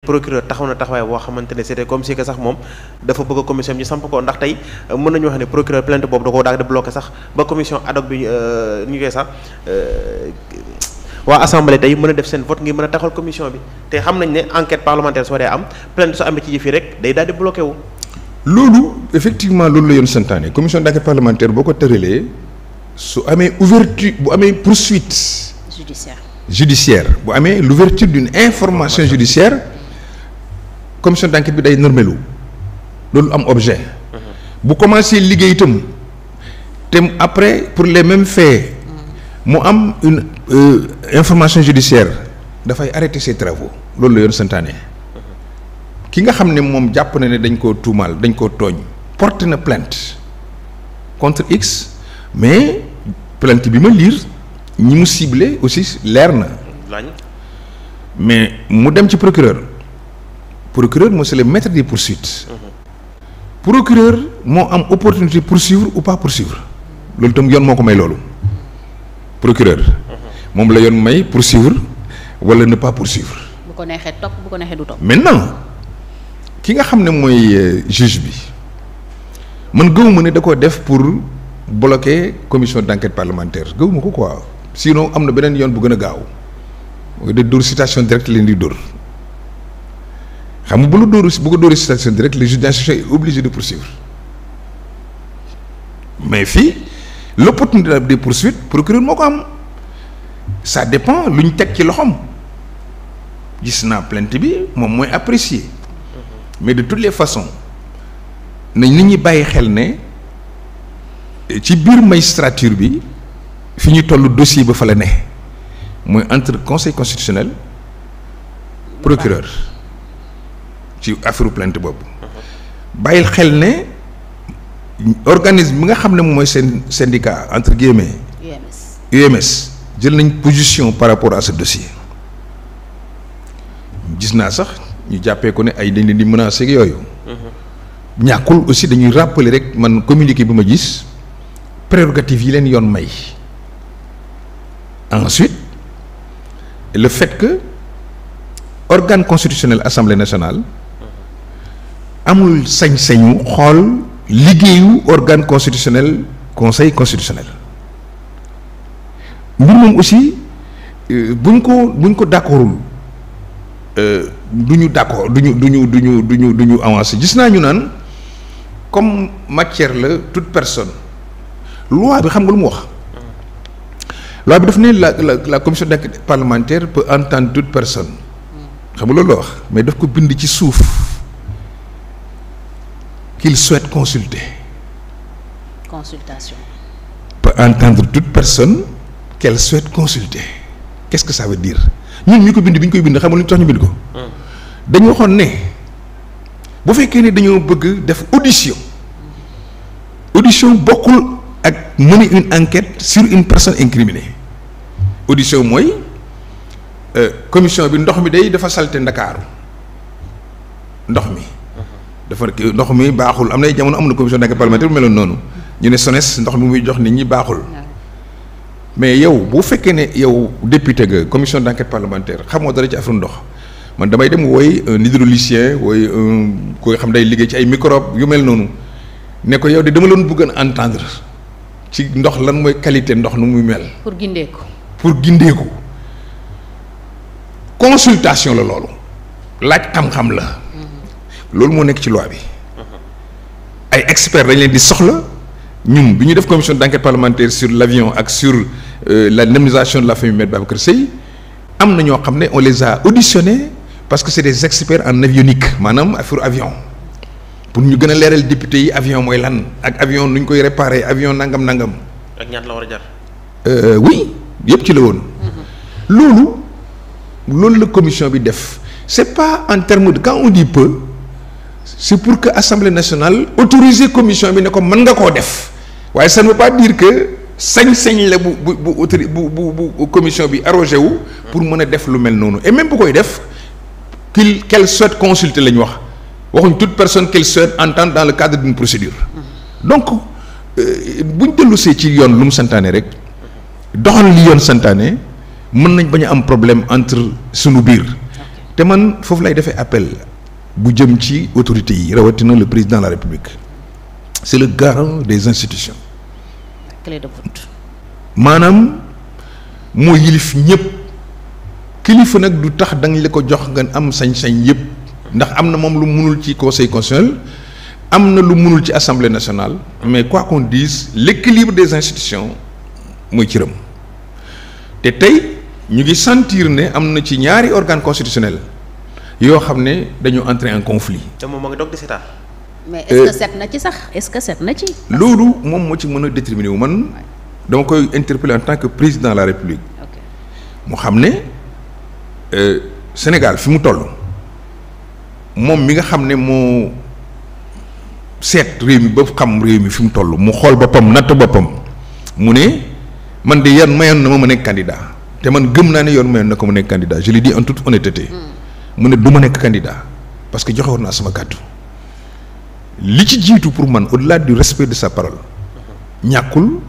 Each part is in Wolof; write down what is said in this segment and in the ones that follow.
procureur taxaw na taxawaay boo xamante ne c'était comme si que sax moom dafa bëgg commission ñu samp ko ndax tey euh, mën nañu wax ne procureur plainte boobu da daal di bloqué sax ba commission ad bi ñu euh, koy sax euh, waa assemblée tey mën a def seen vote ngir mën a taxal commission bi te xam nañ ne enquête parlementaire soo dee am plainte su amee ci yëf yi rek day daal di bloqué loolu effectivement loolu la yoon santaane commission d'enquête parlementaire boo ko tëralee su amee ouverture bu amee poursuite. judiciaire judiciaire bu amee l'ouverture d'une information judiciaire. commission d'enquête bi day normelu loolu am objet bu commencé liggéey itam te après pour les mêmes faits mu am une euh, information judiciaire dafay arrêter ses travaux loolu la yoon santaane ki nga xam ne moom jàpp na ne dañ koo tuumaal dañ koo tooñ porte na plainte contre X mais plainte bi ma lire ñi mu ciblé aussi leer na mais mu dem ci procureur procureur mooy c'est le maître pour poursuites procureur moo am opportunité poursuivre ou pas poursuivre loolu tam yoon moo ko may loolu procureur moom la yoon may pour poursuivre wala ne pas pour bu ko neexee topp bu ko neexee du ki nga xam ne mooy euh, juge bi man gëwuma ne da ko def pour bloquer commission d'enquête parlementaire gëwuma ko quoi sinon am na beneen yoon bu gën a gaaw de dóor citation directe leen di dur xam nga bu la dóoru bu ko dóoree citation directe le juge d'instruction est obligé de poursuivre mais fii l'opportunité des poursuites procureur moo ko am ça dépend lu ñu teg ci loxoom gis naa plainte bi moom mooy apprécier mhm. mais de toutes les façons nañ nit ñuy bàyyi xel ne ci biir magistrature bi fi ñuy toll dossier ba fa la ne mooy entre conseil constitutionnel procureur ci affaire plainte boobu. bàyyil xel ne organisme bi nga xam ne mooy seen syndicat entre guillemets. UMS UMS jël nañ position par rapport à ce dossier gis naa sax ñu jàppee ko ne ay dañ leen di menacer yooyu. ñàkkul aussi dañuy rappeler rek man communiqué bi ma gis prérogative yi leen yoon may ensuite le fait que organe constitutionnel assemblée nationale. amul sañ-sañu xool liggéeyu organe constitutionnel conseil constitutionnel mbir moom aussi euh, buñ ko buñ ko d'accordul euh, du ñu d'accord duñu duñu duñu duñu du ñu avancé gis naa ñu naan comme matière la toute personne loi bi xam nga lu mu wax loi bi daf ne la la la commission d'enquête parlementaire peut entendre toute personne xam nga loolu la wax mais daf ko bind ci suuf qu'il souhaite consulter. Consultation. Peut entendre toute personne qu'elle souhaite consulter. Qu'est-ce que ça veut dire ñu ko bind bi ñu koy bind xam nga lu tax ñu bind ko. Hmm. dañu waxoon ne bu fekkee ne dañoo bëgg def audition audition bokkul ak mener une enquête sur une personne incriminée audition mooy euh, commission bi ndox mi day dafa salte Ndakaaru ndox mi. dafa ndox mi baaxul am nay jamono am na commission d'enquête parlementaire bu meloon noonu ñu ne SONES ndox mi muy jox nit ñi baaxul mais yow bu fekkee ne yow député nga commission d'enquête parlementaire xamoo dara ci affaire ndox man damay dem wooy un hydraulicien wooy ko xam day liggéey ci ay microbe yu mel noonu ne ko yow de dama loon na entendre ci ndox lan mooy qualité ndox nu muy mel. pour gindeeku. pour gindeeku consultation la loolu laaj xam la. loolu moo nekk ci loi bi ay experts dañ leen di soxla ñun bi ñu def commission d' enquête parlementaire sur l' avion ak sur euh, la indemnisation de la famille Me Babacar Sèye am na ñoo xam ne on les a auditionnés parce que c' est des experts en avionique maanaam affaire avion pour ñu gën a leeral député yi avion mooy lan ak avion nu ñu koy réparer avion nangam nangam. ak ñaata la war a jar. Euh, oui yëpp ci la woon. Mm-hmm. loolu loolu la commission bi def c' est pas en terme de quand on c'est pour que assemblée nationale autoriser commission bi ne ko mën nga koo def waaye ça ne veut pas dire que sañ-sañ la bu bu bu autori bu bu bu commission bi arrogé wu. pour mën a def lu mel noonu et même bu koy def qu'il qu'elle souhaite consulter la ñu wax waxuñ tout personne qu'elle souhaite entendre dans le cadre d'une procédure. donc euh, buñ dellusee ci yoon lu mu santaane rek doxal li yoon santaane mën nañ bañ a am problème entre sunu biir te man foofu lay defee appel. bu jëm ci autorités yi rawatina le président la république c'est le garant des institutions. la maanaam moo yilif ñëpp kilifa nag du tax dañ la ko jox nga am sañ-sañ yëpp ndax am na moom lu mënul ci conseil constitutionnel am na lu mënul ci assemblée nationale. mais quoi qu'on lekk l'équilibre des institutions mooy cëram te tey ñu ngi sentir ne am na ci ñaari organe constitutionnel yoo xam ne dañu entrer en conflit. te moom moo ngi doog di seetaan. mais est euh, set na ci sax est-ce que set na ci. loolu moom moo ci mën a déterminer wu man dama koy interpeller en tant que président la république. mu xam ne euh, Sénégal fi mu toll moom mi nga xam ne moo seet réew mi ba xam réew mi fi mu toll mu xool boppam natt boppam mu ne man de yan mayoon na ma ma nekk candidat te man gëm naa ne yoon mayoon na ko ma nekk candidat je le dis en toute mu ne du ma nekk kandidaa parce que joxe naa sama kàddu li ci jiitu pour man au-delà du respect de sa parole ñàkkul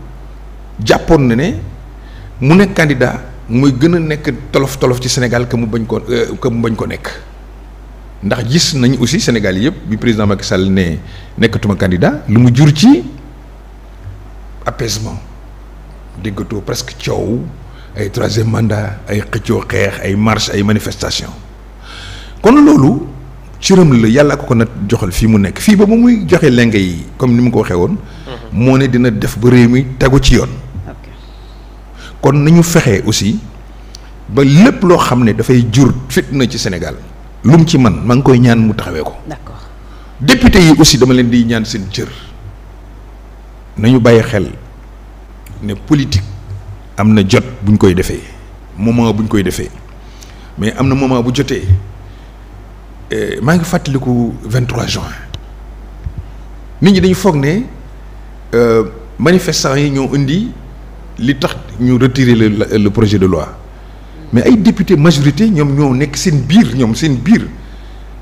jàppoon na ne mu nekk candidat muy gën a nekk tolof tolof ci Sénégal que mu bañ ko euh, que mu bañ ko nekk ndax gis nañ aussi Sénégal yëpp bi président Macky Sall ne nekkatuma candidat lu mu jur ci apaisement déggatoo presque coow ay troisième mandat ay xëccoo xeex ay marche ay manifestation kon loolu cëram la yàlla ak ko nag joxal fii mu nekk fii ba mu muy joxe lenge yi comme ni mu ko waxee woon. Mhm. moo ne dina def ba réew mi tegu ci yoon. kon nañu fexe aussi ba lépp loo xam ne dafay jur fitna ci Sénégal lu ci man maa ngi koy ñaan mu taxawee ko. d'accord député yi aussi dama leen di ñaan seen cër nañu bàyyi xel ne am na jot buñ koy defee moment buñ koy defee mais am na moment bu jotee. Eh, maa ngi fàttaliku 23 juin nit ñi dañu foog ne euh, manifestant yi ñoo indi li tax ñu retirer le le projet de loi mais ay député majorité ñoom ñoo nekk seen biir ñoom seen biir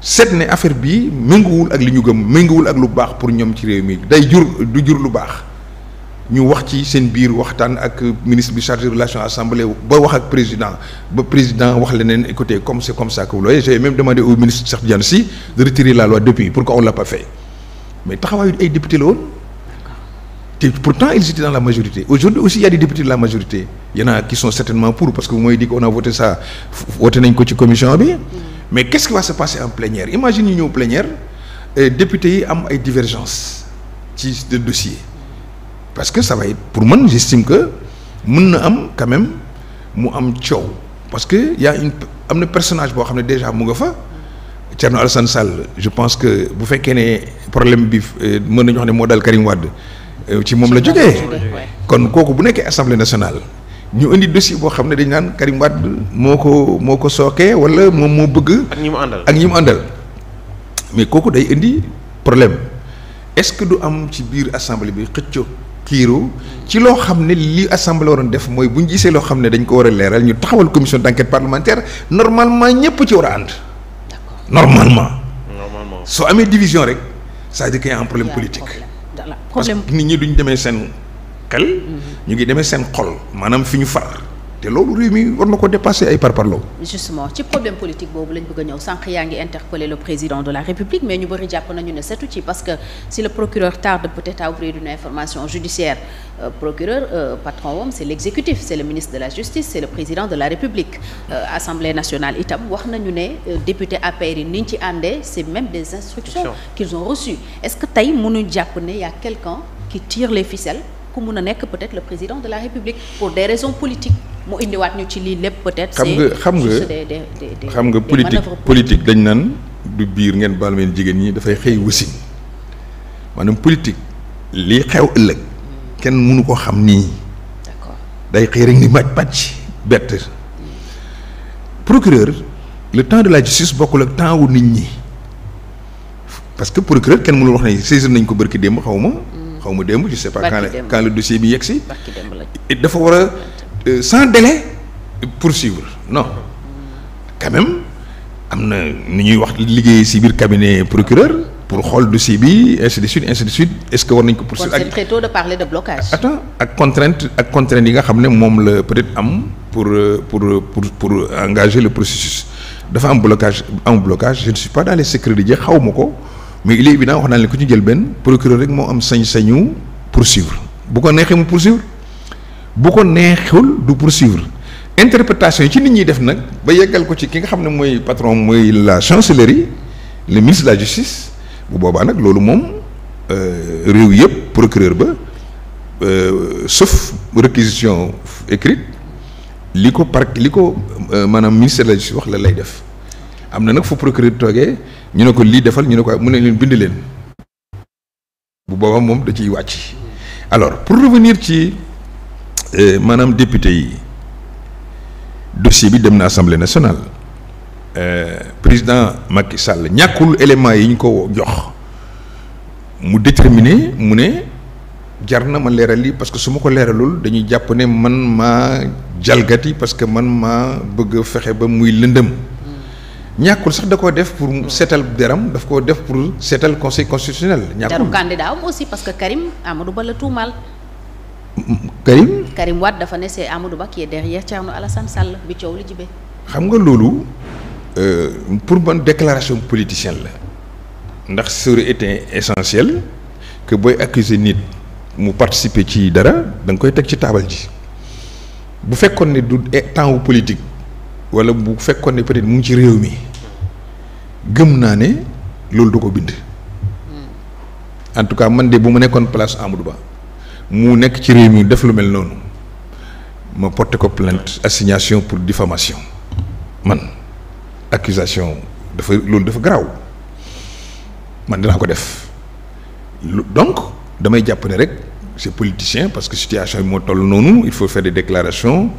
seet ne affaire bii méngoowul ak li ñu gëm méngoowul ak lu baax pour ñoom ci réew mi day jur du jur lu baax. ñu wax ci seen biir waxtaan ak ministre bi chargé relation assemblée ba wax ak président ba président wax leneen écoutez comme c'est comme ça que vous voyez j'ai même demandé au ministre Cheikh Tidiane retirer la loi depuis pourquoi on l'a pas fait mais taxawaayu ay député la woon te pourtant ils étaient dans la majorité aujourd'hui aussi il y a des députés de la majorité il a qui sont certainement pour parce que vous m'avez dit a voté ça vote nañ ko ci commission bi mais qu'est-ce qui va se passer en plénière imagine ñu am ay divergences ci de dossier parce que ça va pour man j'estime que mën na am quand mu am coow parce que y a une am na personnage boo xam ne déjà mu nga fa Thierno Alassane Sall je pense que bu fekkee ne problème bi euh, mën nañu wax ne moo dal Karim Wade euh, ci moom la jógee kon kooku bu nekkee assemblée nationale ñu indi dossier boo xam ne dañ naan Karim moo ko moo ko sookee wala moom moo bëgg. ak ñi àndal ak ñi mu mais kooku day indi problème est-ce que du am ci biir assemblée bi xëccoo. kiiru ci loo xam ne li assemblée waroon def mooy bu ñu gisee loo xam ne dañ ko war a leeral ñu taxawal commission d'enquête parlementaire normalement ñëpp ci war a ànd. normalement. normalement soo amee division rek c'est-à-dire qu'il problème politique. problème parce que nit ñi duñ demee seen xel. Mm-hmm. ñu ngi demee seen xol maanaam fi ñu far. te loolu réew mi war na ko dépasser ay parparloo. justement ci problème politique boobu lañ bëgg ñëw sànq yaa ngi interpeller le président de la république mais ñu bëri jàpp nañu ne setu ci parce que si le procureur tarde peut-être à ouvrir une information judiciaire euh, procureur euh, patron wam c'est l'exécutif c'est le ministre de la justice c'est le président de la république euh, assemblée nationale itam wax nañu ne député APR ni ci àndee c'est mu indiwaat ñu ci lii lépp peut xam nga xam nga xam nga politique politique dañ naan du biir ngeen baal meen jigéen ñi dafay xëy wasin maanaam politique lii xew ëllëg kenn mënu ko xam nii. d'accord day xëy rek ni màcc pàcc bett. procureur le temps de la justice bokkul ak temps wu nit ñi parce que procureur kenn munu wax ne saisir nañ ko bërki démb xaw ma. Hmm. xaw ma démb je sais pas. quand la quand bi yegg si. dafa war Euh, sans délai poursuivre non quand même am na ni ñuy wax liggéey si biir cabinet procureur pour xool dossier bi ainsi de suite ainsi de est-ce que war nañ ko poursuivre c'est très tôt de parler de blocage attends ak contrainte yi nga xam ne moom la peut-être am pour euh, pour euh, pour pour engager le processus dafa am blocage am blocage je ne suis pas dans les secrets de Dieu xaw ma ko mais il est évident wax naa leen ku ñu jël benn procureur rek moo am sañ-sañu poursuivre bu ko neexee mu poursuivre bu ko neexul du poursuivre interprétation yi ci nit ñi def nag ba yeggal ko ci ki nga xam ne mooy patron mooy la chancellerie le ministre de la justice bu boobaa nag loolu moom euh, réew yëpp procureur ba euh, sauf réquisition écrite li ko par li ko euh, maanaam ministère de la justice wax la lay def am na nag fu procureur toogee ñu ne ko lii defal ñu ne ko mu ne leen bind leen bu boobaa moom da ciy wàcc alors pour revenir ci. Euh, maanaam député yi dossier bi dem na assemblée nationale euh, président Macky ñàkkul éléments yi ñu ko jox mu déterminer mu ne jar na ma leeral lii parce que su ma ko leeralul dañuy jàpp ne man maa jalgati parce que man maa bëgg fexe ba muy lëndëm hmm. ñàkkul sax da koo def pour seetal deram daf koo def pour seetal conseil constitutionnel. ñàkkul deru candidat am aussi parce que Karim Amadou Ba la tuumaal. Karim Karim Wade dafa ne c'est Amadou Ba qui est derrière Thierno Alassane Sall bi coow li jibee xam nga loolu euh, pour man déclaration politicienne la ndax ça aurait été essentiel que booy accuser nit mu participer ci dara da nga koy teg ci taabal ji bu fekkoon ne du e, temps wu politique wala bu fekkoon ne peut-être mu ngi ci réew mi gëm naa ne loolu du ko bind. Hmm. en tout cas man de bu ma nekkoon place Amadou Ba. mu nekk ci réew mi def lu mel noonu ma porte ko plainte assignation pour diffamation man accusation dafa loolu dafa garaaw man dinaa ko def donc damay jàpp ne rek c'est politicien parce que situation bi moo toll noonu il faut faire des déclarations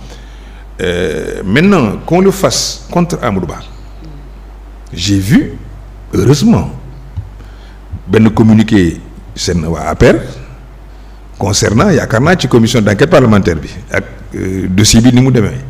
euh, maintenant qu'on le fasse contre Amadou Ba j'ai vu heureusement benn communiqué seen waa APR concernant yaakaar naa ci commission d'enquête parlementaire bi ak euh, dossier bi ni mu demee